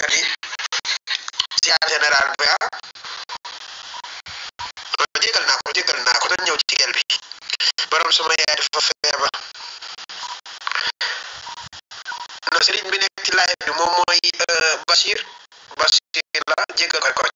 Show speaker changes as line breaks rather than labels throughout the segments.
kadi siya général be a ma jégal naa ko jégal naa ko dañ ñëw ci gel bi borom sama yaay dafa feeba no
sëriñ bi nekk ci laay bi moom mooy bashir bashir la jégal ko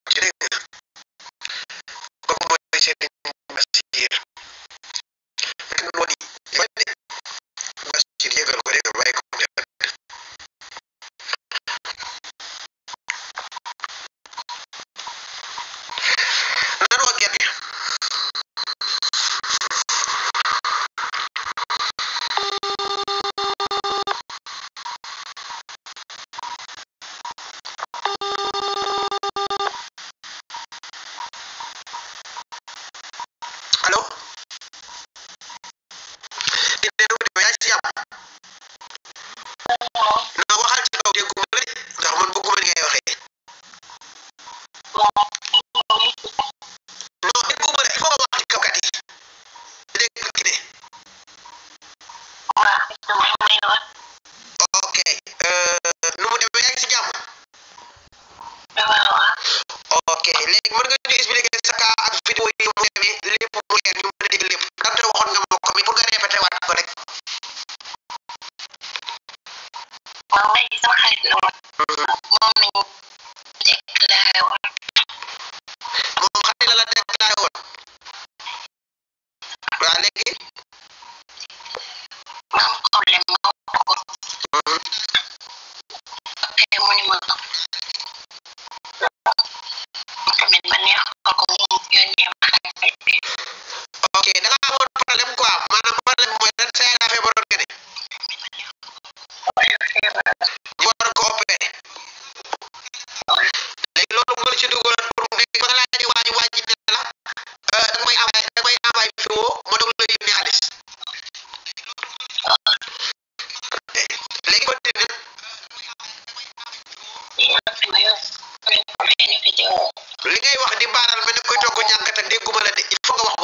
li ngay wax di baaral mel ne koy togg ñàkk te dégguma la de il faut nga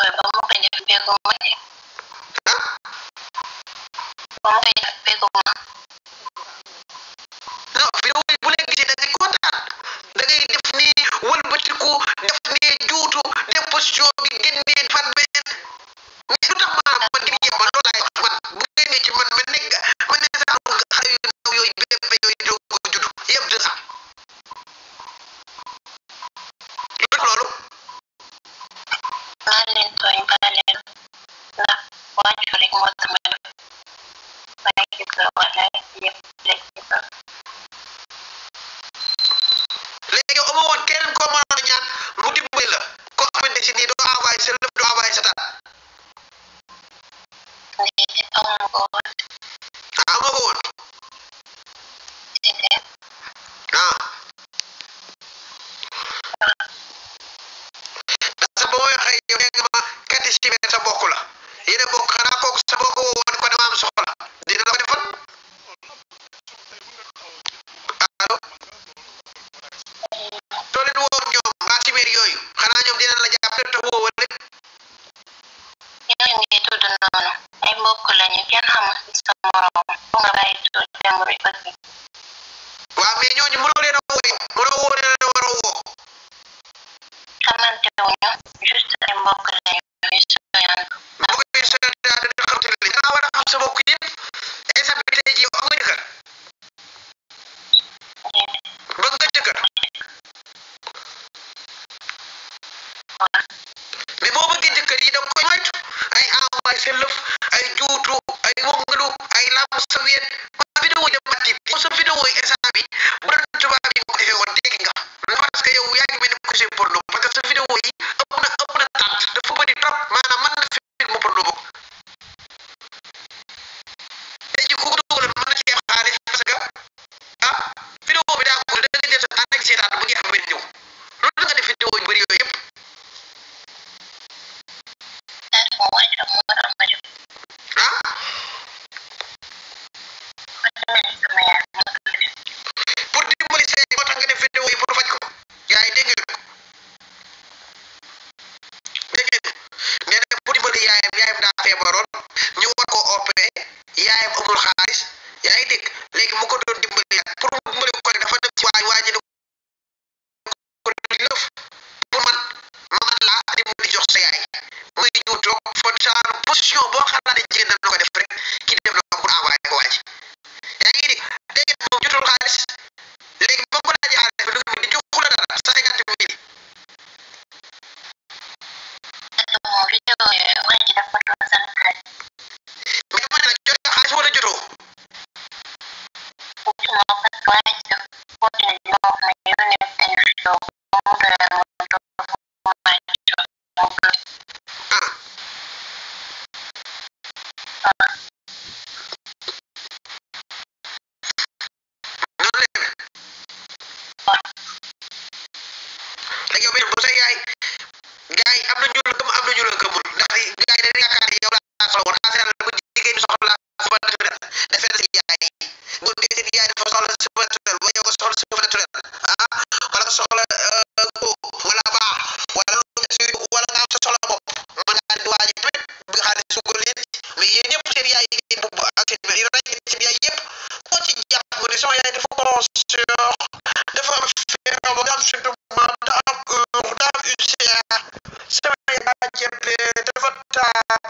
我们被你被攻击。我们被被攻击吗？ñaan lu
dimbali la ko xamante ci ni do mais boo bëggee jëkkër yi da koy moytu ay envoyé seen lëf ay juutu ay wëngalu ay làmb sa 啊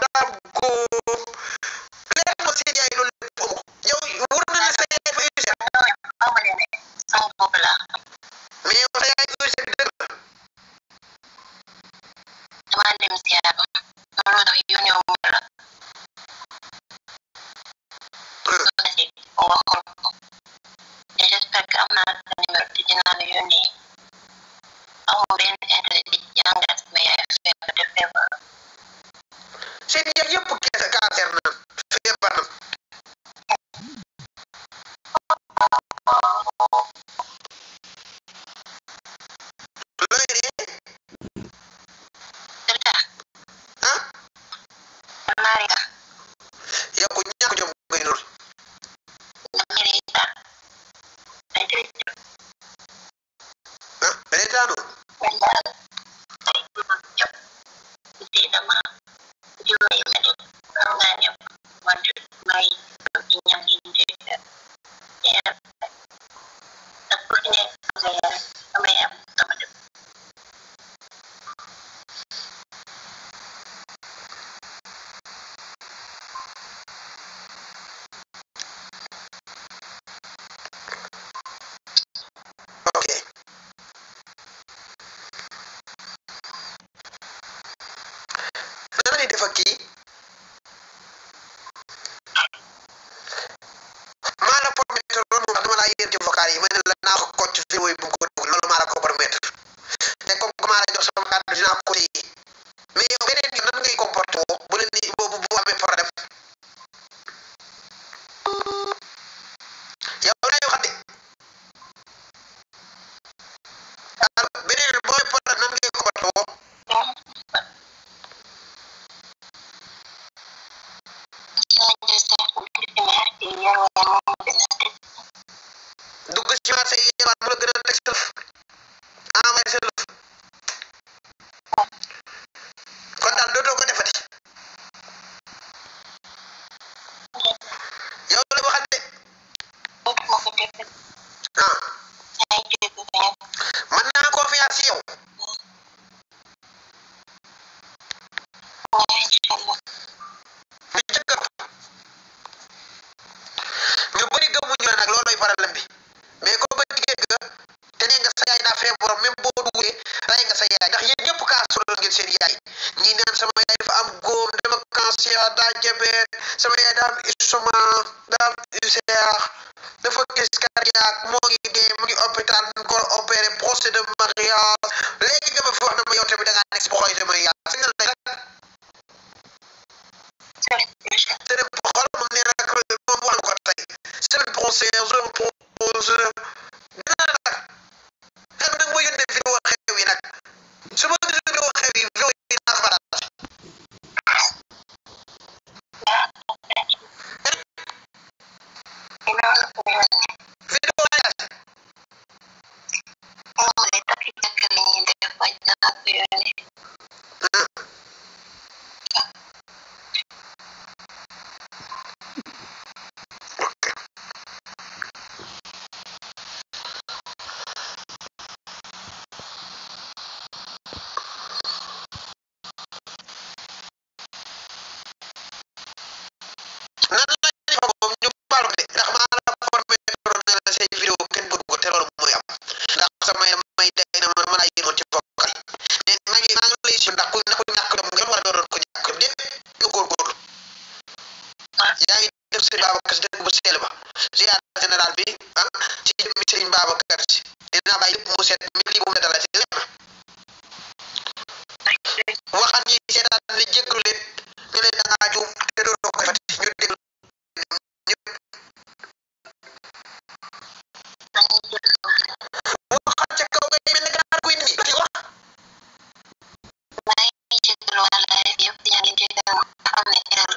cara de dam UCH dafa crise cardiaque moo ngi dee mu ngi hôpital dañ ko opéré procès de mariage léegi nga ma fi wax na ma yow tamit da ngaa nekk si poxoy de mariage si nan lay te ne poxol moom nee na ko moom wax na ko tey semaine prochaine je propose dina nag xam nag ma yónnee vidéo xew yi nag su ma
gisee vidéo xew yi vidéo yi naa ko partage nó
seel ba ziar général bi ah Si dinaa bàyyi mi lii bu mu dala ci leer
na waxan ñi seetaan ne jéglu leen ñu te doo ko fati ñu déglu ñëpp wax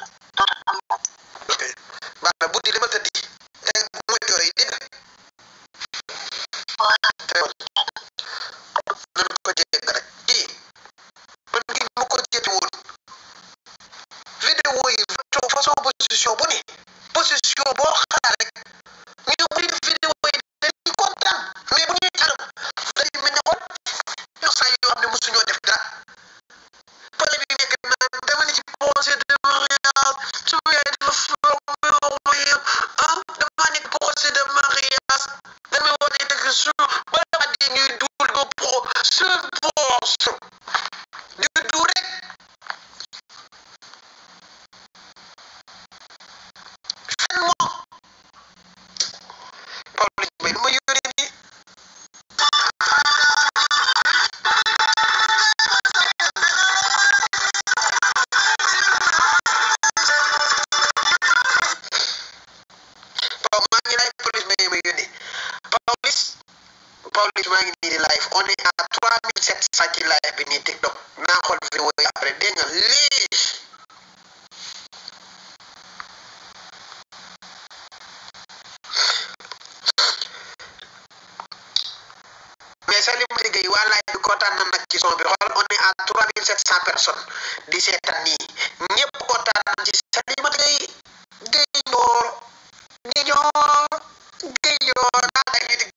biir live on est à 3700 ci live bi tiktok na xol vidéo yi après deng li gay live bi na ci son bi on est à 3700 personnes di gay gay gay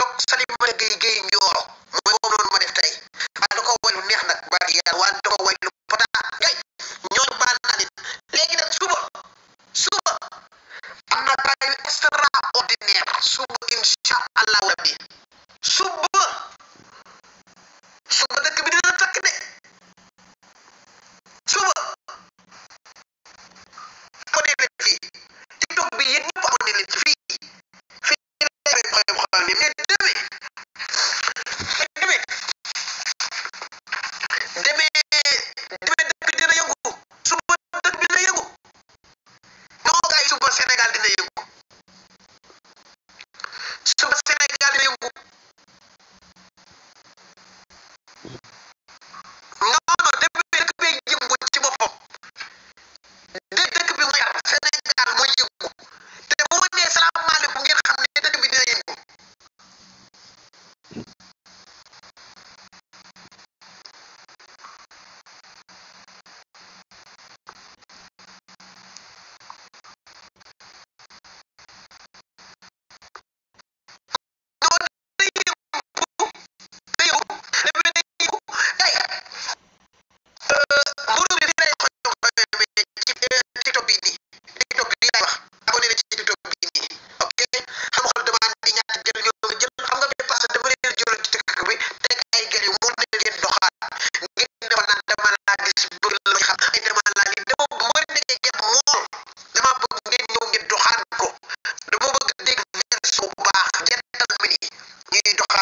toog sa limang nagigame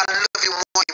I love you more